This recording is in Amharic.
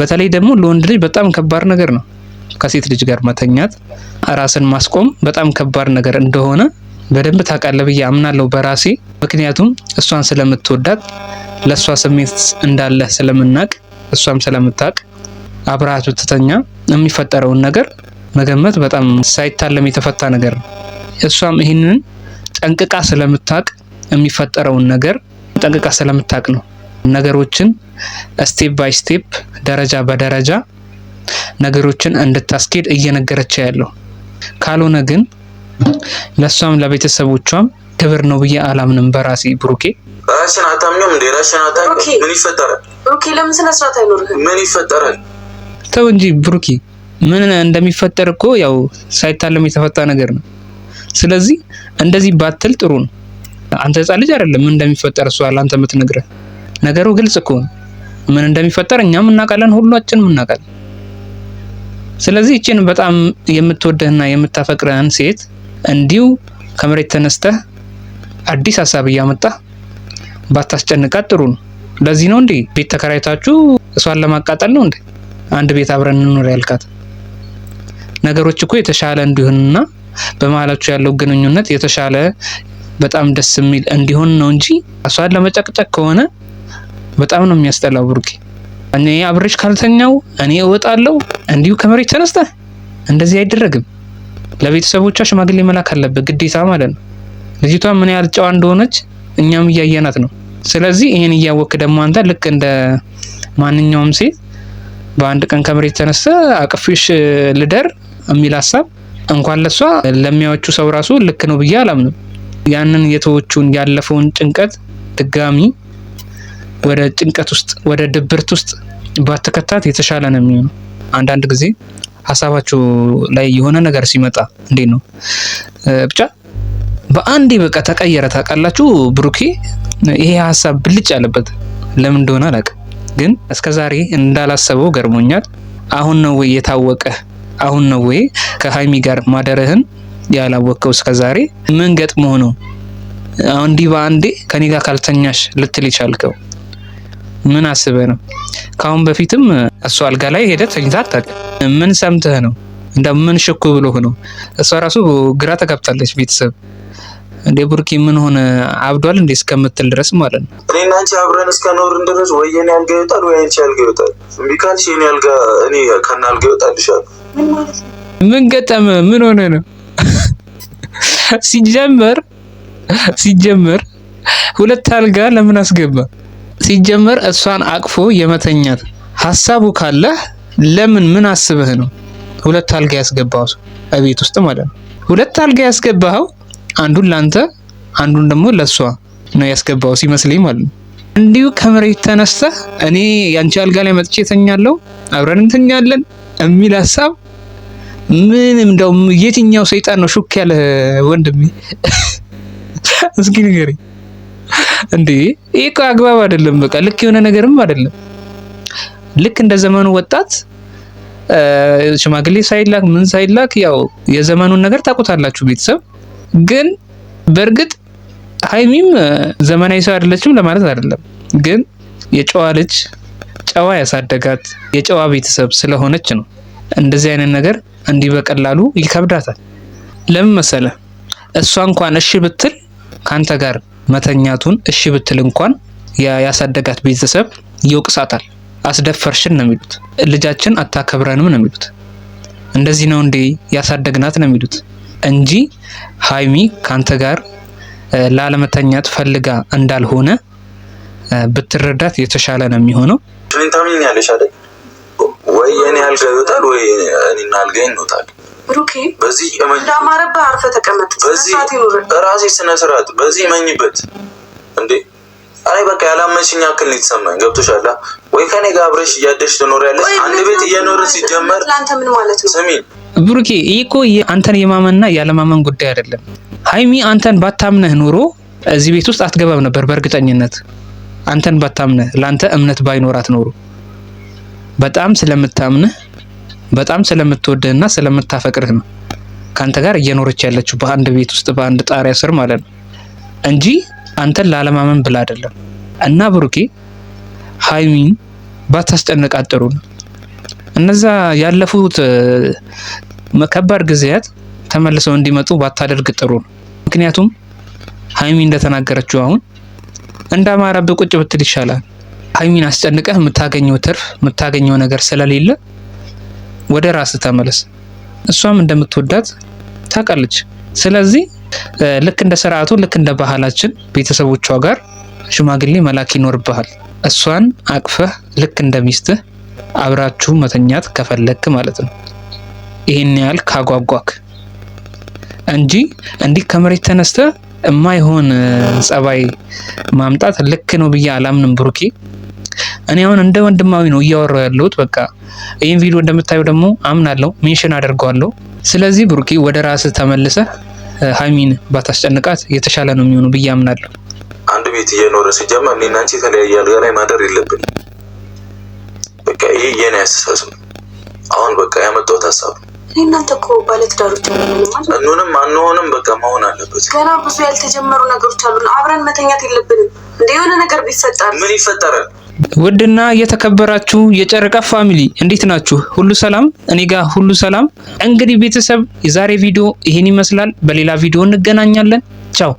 በተለይ ደግሞ ለወንድ ልጅ በጣም ከባድ ነገር ነው። ከሴት ልጅ ጋር መተኛት ራስን ማስቆም በጣም ከባድ ነገር እንደሆነ በደንብ ታውቃለህ ብዬ አምናለሁ በራሴ ምክንያቱም እሷን ስለምትወዳት ለእሷ ስሜት እንዳለ ስለምናቅ እሷም ስለምታቅ አብረሃት ብትተኛ የሚፈጠረውን ነገር መገመት በጣም ሳይታለም የተፈታ ነገር ነው። እሷም ይህንን ጠንቅቃ ስለምታቅ የሚፈጠረውን ነገር ጠንቅቃ ስለምታቅ ነው ነገሮችን ስቴፕ ባይ ስቴፕ ደረጃ በደረጃ ነገሮችን እንድታስኬድ እየነገረች ያለው ካልሆነ ግን ለእሷም ለቤተሰቦቿም ክብር ነው ብዬ አላምንም። በራሴ ብሩኬ ራሽን አታምንም እንዴ? ራሽን አታምንም። ምን ይፈጠራል? ብሩኬ ለምን ስነ ስርዓት አይኖርህም? ምን ይፈጠራል? ተው እንጂ ብሩኬ፣ ምን እንደሚፈጠር እኮ ያው ሳይታለም የተፈጣ ነገር ነው። ስለዚህ እንደዚህ ባትል ጥሩ ነው። አንተ ህፃን ልጅ አይደለም ምን እንደሚፈጠር እሷ ለአንተ የምትነግረህ ነገሩ ግልጽ እኮ ነው። ምን እንደሚፈጠር እኛም እናውቃለን፣ ሁላችንም እናውቃለን። ስለዚህ እቺን በጣም የምትወደህና የምታፈቅረህን ሴት እንዲሁ ከመሬት ተነስተህ አዲስ ሀሳብ እያመጣ ባታስጨንቃት ጥሩ ነው። ለዚህ ነው እንዴ ቤት ተከራይታችሁ እሷን ለማቃጠል ነው እንዴ አንድ ቤት አብረን እንኖር ያልካት? ነገሮች እኮ የተሻለ እንዲሆንና በመሀላችሁ ያለው ግንኙነት የተሻለ በጣም ደስ የሚል እንዲሆን ነው እንጂ እሷን ለመጨቅጨቅ ከሆነ በጣም ነው የሚያስጠላው ብሩኬ። እኔ አብሬሽ ካልተኛው እኔ እወጣለሁ። እንዲሁ ከመሬት ተነስተ እንደዚህ አይደረግም። ለቤተሰቦቿ ሽማግሌ መላክ አለበት ግዴታ ማለት ነው። ልጅቷ ምን ያህል ጨዋ እንደሆነች እኛም እያየናት ነው። ስለዚህ ይሄን እያወክ ደግሞ አንተ ልክ እንደ ማንኛውም ሴት በአንድ ቀን ከመሬት ተነስተ አቅፊሽ ልደር የሚል ሀሳብ እንኳን ለሷ ለሚያወቹ ሰው ራሱ ልክ ነው ብዬ አላምንም። ያንን የተወቹን ያለፈውን ጭንቀት ድጋሚ ወደ ጭንቀት ውስጥ ወደ ድብርት ውስጥ ባትከታት የተሻለ ነው የሚሆነው። አንዳንድ ጊዜ ሀሳባችሁ ላይ የሆነ ነገር ሲመጣ እንዴት ነው ብቻ በአንዴ በቃ ተቀየረ። ታውቃላችሁ ብሩኬ ይሄ ሀሳብ ብልጭ ያለበት ለምን እንደሆነ አላውቅም፣ ግን እስከዛሬ እንዳላሰበው ገርሞኛል። አሁን ነው ወይ የታወቀ? አሁን ነው ወይ ከሀይሚ ጋር ማደረህን ያላወቀው? እስከዛሬ ምን ገጥሞ ነው እንዲህ በአንዴ ከኔ ጋር ካልተኛሽ ልትል ይቻልከው? ምን አስበህ ነው? ከአሁን በፊትም እሱ አልጋ ላይ ሄደህ ተኝተህ አታውቅም። ምን ሰምተህ ነው? እንደ ምን ሽኩ ብሎህ ነው? እሷ ራሱ ግራ ተጋብታለች። ቤተሰብ እንዴ ቡርኪ ምን ሆነ አብዷል እንዴ እስከምትል ድረስ ማለት ነው። እኔና አንቺ አብረን እስከኖርን ድረስ ወይ የኔ አልጋ ይወጣል ወይ አንቺ አልጋ ይወጣል። እምቢ ካልሽ የኔ አልጋ እኔ ከእና አልጋ ይወጣልሻል። ምን ገጠመ? ምን ሆነ ነው ሲጀመር ሲጀመር ሁለት አልጋ ለምን አስገባ? ሲጀመር እሷን አቅፎ የመተኛት ሀሳቡ ካለህ ለምን ምን አስበህ ነው ሁለት አልጋ ያስገባው ሰው እቤት ውስጥ ማለት ነው። ሁለት አልጋ ያስገባኸው አንዱን ላንተ፣ አንዱን ደግሞ ለሷ ነው ያስገባው ሲመስለኝ ማለት ነው። እንዲሁ ከመሬት ተነስተህ እኔ ያንቺ አልጋ ላይ መጥቼ ተኛለሁ፣ አብረን እንተኛለን የሚል ሀሳብ ምን እንደው የትኛው ሰይጣን ነው ሹክ ያለ ወንድሜ? እስኪ ንገረኝ። እንዴ ይህ እኮ አግባብ አይደለም። በቃ ልክ የሆነ ነገርም አይደለም። ልክ እንደ ዘመኑ ወጣት ሽማግሌ ሳይላክ ምን ሳይላክ ያው የዘመኑን ነገር ታውቁታላችሁ ቤተሰብ። ግን በእርግጥ ሀይሚም ዘመናዊ ሰው አይደለችም ለማለት አይደለም። ግን የጨዋ ልጅ ጨዋ ያሳደጋት የጨዋ ቤተሰብ ስለሆነች ነው እንደዚህ አይነት ነገር እንዲህ በቀላሉ ይከብዳታል። ለምን መሰለ እሷ እንኳን እሺ ብትል ካንተ ጋር መተኛቱን እሺ ብትል እንኳን ያሳደጋት ቤተሰብ ይወቅሳታል። አስደፈርሽን ነው የሚሉት። ልጃችን አታከብረንም ነው የሚሉት። እንደዚህ ነው እንዴ ያሳደግናት ነው የሚሉት እንጂ ሀይሚ ካንተ ጋር ላለመተኛት ፈልጋ እንዳልሆነ ብትረዳት የተሻለ ነው የሚሆነው። ምን ታምኛለሽ አይደል? ወይ የኔ አልጋ ይወጣል ወይ እኔና አልጋ ይኖጣል። ብሩኬ በዚህ እንዳማረብህ አርፈህ ተቀመጥ። በዚህ ራሴ ስነ ስርዓት በዚህ መኝበት እንዴ አይ በቃ ያላመንሽኝ ያክል ገብቶሻል። ወይ ከኔ ጋር አብረሽ እያደሽ አንድ ቤት ሲጀመር ለአንተ ምን ማለት ነው? ስሚ ብሩኬ፣ ይህ እኮ አንተን የማመንና ያለማመን ጉዳይ አይደለም። ሀይሚ አንተን ባታምነህ ኖሮ እዚህ ቤት ውስጥ አትገባም ነበር በእርግጠኝነት። አንተን ባታምነህ፣ ለአንተ እምነት ባይኖራት ኖሮ በጣም ስለምታምነህ በጣም ስለምትወድህና ስለምታፈቅርህ ነው ከአንተ ጋር እየኖረች ያለችው በአንድ ቤት ውስጥ በአንድ ጣሪያ ስር ማለት ነው እንጂ አንተን ላለማመን ብላ አይደለም። እና ብሩኬ ሀይሚን ባታስጨንቃት ጥሩ ነው። እነዛ ያለፉት ከባድ ጊዜያት ተመልሰው እንዲመጡ ባታደርግ ጥሩ ነው። ምክንያቱም ሀይሚ እንደተናገረችው አሁን እንዳማረብህ ቁጭ ብትል ይሻላል። ሀይሚን አስጨንቀህ የምታገኘው ትርፍ የምታገኘው ነገር ስለሌለ ወደ ራስ ተመለስ። እሷም እንደምትወዳት ታውቃለች። ስለዚህ ልክ እንደ ስርዓቱ ልክ እንደ ባህላችን ቤተሰቦቿ ጋር ሽማግሌ መላክ ይኖርብሃል። እሷን አቅፈህ ልክ እንደ ሚስትህ አብራችሁ መተኛት ከፈለክ ማለት ነው። ይህን ያህል ካጓጓክ እንጂ እንዲህ ከመሬት ተነስተ እማይሆን ጸባይ ማምጣት ልክ ነው ብዬ አላምንም ብሩኬ። እኔ አሁን እንደ ወንድማዊ ነው እያወራው ያለሁት። በቃ ይህን ቪዲዮ እንደምታዩ ደግሞ አምናለሁ፣ ሜንሽን አደርገዋለሁ። ስለዚህ ብሩኪ ወደ ራስህ ተመልሰ ሀይሚን ባታስጨንቃት የተሻለ ነው የሚሆኑ ብዬ አምናለሁ። አንድ ቤት እየኖረ ሲጀማ እኔና አንቺ የተለያየ አልጋ ላይ ማደር የለብን። በቃ ይሄ የኔ አስተሳሰብ አሁን በቃ ያመጣሁት ሀሳብ እናንተ እኮ ባለትዳሮች እንሆንም አንሆንም በቃ መሆን አለበት። ገና ብዙ ያልተጀመሩ ነገሮች አሉ። አብረን መተኛት የለብንም። እንደ የሆነ ነገር ቢፈጠር ምን ይፈጠራል? ውድና የተከበራችሁ የጨረቃ ፋሚሊ እንዴት ናችሁ? ሁሉ ሰላም? እኔ ጋር ሁሉ ሰላም። እንግዲህ ቤተሰብ የዛሬ ቪዲዮ ይህን ይመስላል። በሌላ ቪዲዮ እንገናኛለን። ቻው